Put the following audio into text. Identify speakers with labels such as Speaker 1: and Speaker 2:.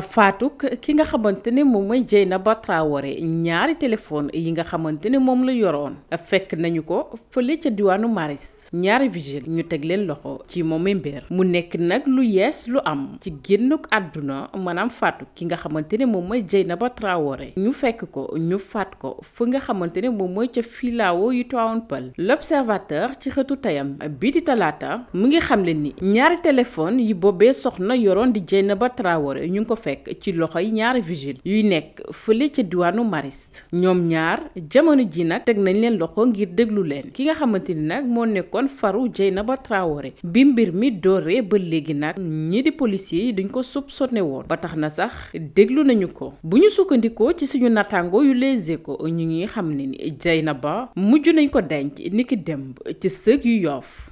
Speaker 1: faatuk ki nga xamante ne moom mooy Dieynaba Traoré ñaari téléphone yi nga xamante ne moom la yoroon fekk nañu ko fële diwaanu Maris ñaari vigile ñu teg leen loxo ci moom mbir mu nekk nag lu yees lu am ci génnuk àdduna maanaam faatuk ki nga xamante ne moom mooy Dieynaba Traoré ñu fekk ko ñu faat ko fu nga xamante ne moom mooy ca filaawo yu Tivaouane Peulh l'observateur ci xëtu tayam biiti di talaata mu ngi xamle ni ñaari téléphone yi boobee soxna yoroon di Dieynaba Traoré ñu ngi ko fekk ci yi ñaari vigile yuy nekk fële ca diwaanu maris ñoom ñaar jamono ji nag teg nañ leen loxo ngir déglu leen ki nga xamante ni nag moo nekkoon faru na ba Traoré bi mbir mi dooree ba léegi nag ñi di policiers yi duñ ko soupçonné woon ba tax na sax déglu nañu ko bu ñu sukkandikoo ci suñu nattaango yu Les ko ñu ngi xam ne na ba mujj nañ ko denc niki demb ci sëg yu yoof